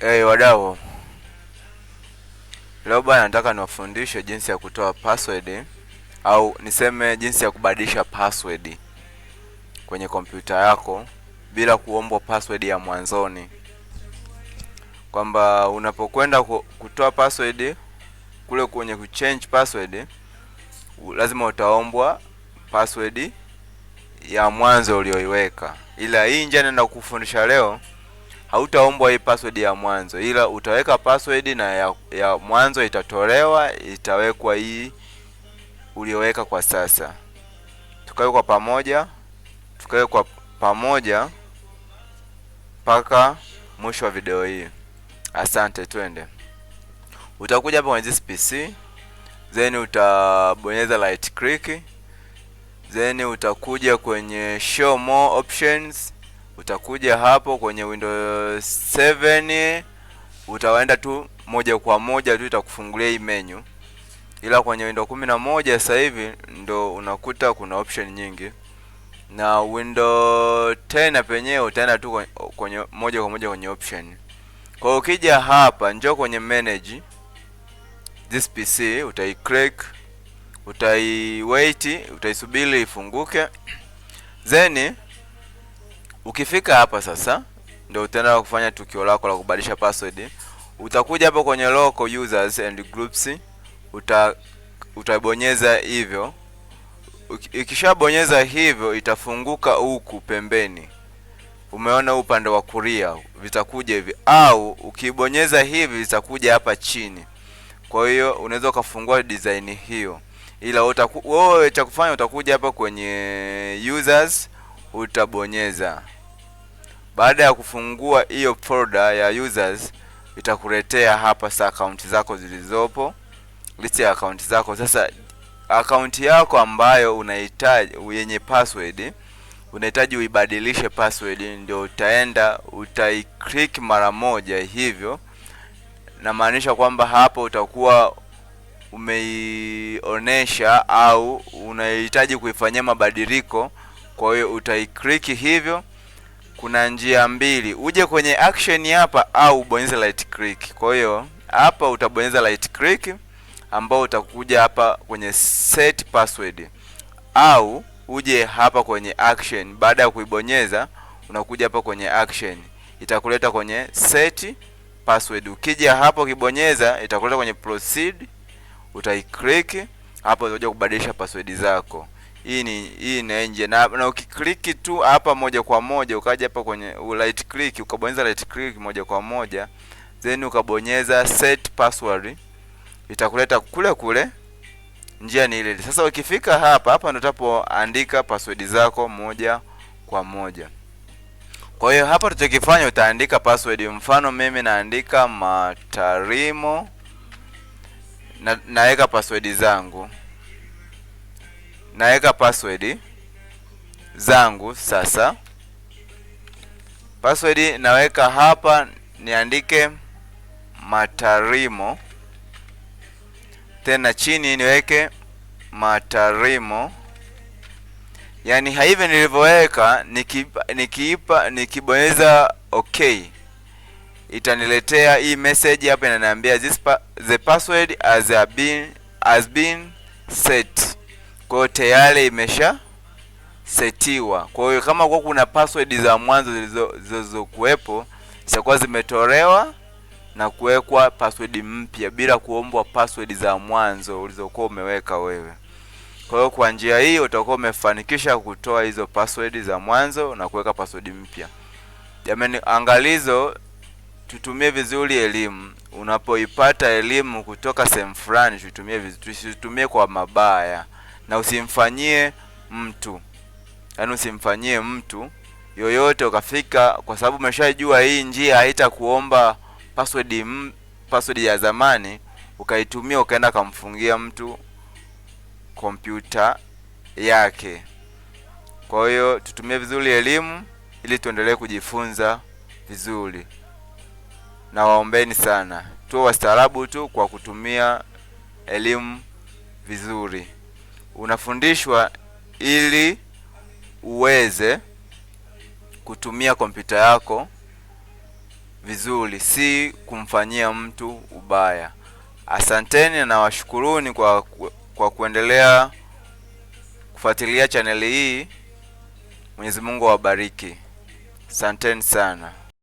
Hey, wadau, leo bwana, nataka niwafundishe jinsi ya kutoa password au niseme jinsi ya kubadilisha password kwenye kompyuta yako bila kuombwa password ya mwanzoni, kwamba unapokwenda kutoa password kule kwenye kuchange password lazima utaombwa password ya mwanzo ulioiweka, ila hii njia naenda kukufundisha leo hautaombwa hii password ya mwanzo, ila utaweka password na ya, ya mwanzo itatolewa, itawekwa hii ulioweka kwa sasa. Tukae kwa pamoja, tukae kwa pamoja mpaka mwisho wa video hii. Asante, twende. Utakuja hapa kwenye PC, then utabonyeza right click, then utakuja kwenye show more options utakuja hapo kwenye Windows 7 utaenda tu moja kwa moja tu itakufungulia hii menu, ila kwenye Windows 11 sasa hivi ndo unakuta kuna option nyingi, na Windows 10 penyewe utaenda tu kwenye moja kwa moja kwenye option. Kwa ukija hapa, njoo kwenye manage this PC, utai wait utaisubiri ifunguke then Ukifika hapa sasa, ndio utaenda kufanya tukio lako la kubadilisha password. Utakuja hapo kwenye local users and groups, uta utabonyeza hivyo. Ikishabonyeza hivyo, itafunguka huku pembeni, umeona upande wa kulia vitakuja hivi, au ukibonyeza hivi vitakuja hapa chini. Kwa hiyo unaweza ukafungua design hiyo, ila wewe cha kufanya utakuja hapa kwenye users utabonyeza baada ya kufungua hiyo folder ya users, itakuletea hapa sasa akaunti zako zilizopo, list ya akaunti zako. Sasa akaunti yako ambayo unahitaji yenye password unahitaji uibadilishe password, ndio utaenda utaiclick mara moja hivyo, namaanisha kwamba hapo utakuwa umeionesha au unahitaji kuifanyia mabadiliko. Kwa hiyo utaiclick hivyo kuna njia mbili, uje kwenye action hapa au bonyeza right click. Kwa hiyo hapa utabonyeza right click, ambao utakuja hapa kwenye set password, au uje hapa kwenye action. Baada ya kuibonyeza, unakuja hapa kwenye action, itakuleta kwenye set password. Ukija hapo ukibonyeza, itakuleta kwenye proceed, utaiclick hapo utakuja kubadilisha password zako hii ni hii ni nje na, na ukikliki tu hapa moja kwa moja ukaja hapa kwenye right click ukabonyeza right click moja kwa moja then ukabonyeza set password itakuleta kule kule, njia ni ile Sasa ukifika hapa hapa ndo utapoandika password zako moja kwa moja. Kwa hiyo hapa tutakifanya utaandika password, mfano mimi naandika Matarimo na naweka password zangu naweka password zangu sasa. Password naweka hapa, niandike Matarimo, tena chini niweke Matarimo. Yani hivi nilivyoweka, nikiipa nikiipa nikibonyeza okay, itaniletea hii message hapa, inaniambia this pa the password has been has been set kwa hiyo tayari imesha setiwa. Kwa hiyo kama kwa kuna password za mwanzo zilizokuwepo zitakuwa zimetolewa na kuwekwa password mpya bila kuombwa password za mwanzo ulizokuwa umeweka wewe. Kwa hiyo kwa njia hii utakuwa umefanikisha kutoa hizo password za mwanzo na kuweka password mpya. Jamani, angalizo, tutumie vizuri elimu. Unapoipata elimu kutoka sehemu fulani, tutumie vizuri, tusitumie kwa mabaya na usimfanyie mtu, yaani usimfanyie mtu yoyote ukafika, kwa sababu umeshajua hii njia haitakuomba password, password ya zamani ukaitumia ukaenda kamfungia mtu kompyuta yake. Kwa hiyo tutumie vizuri elimu ili tuendelee kujifunza vizuri, na waombeni sana tuwe wastaarabu tu kwa kutumia elimu vizuri unafundishwa ili uweze kutumia kompyuta yako vizuri, si kumfanyia mtu ubaya. Asanteni na washukuruni kwa, kwa kuendelea kufuatilia chaneli hii. Mwenyezi Mungu awabariki. Asanteni sana.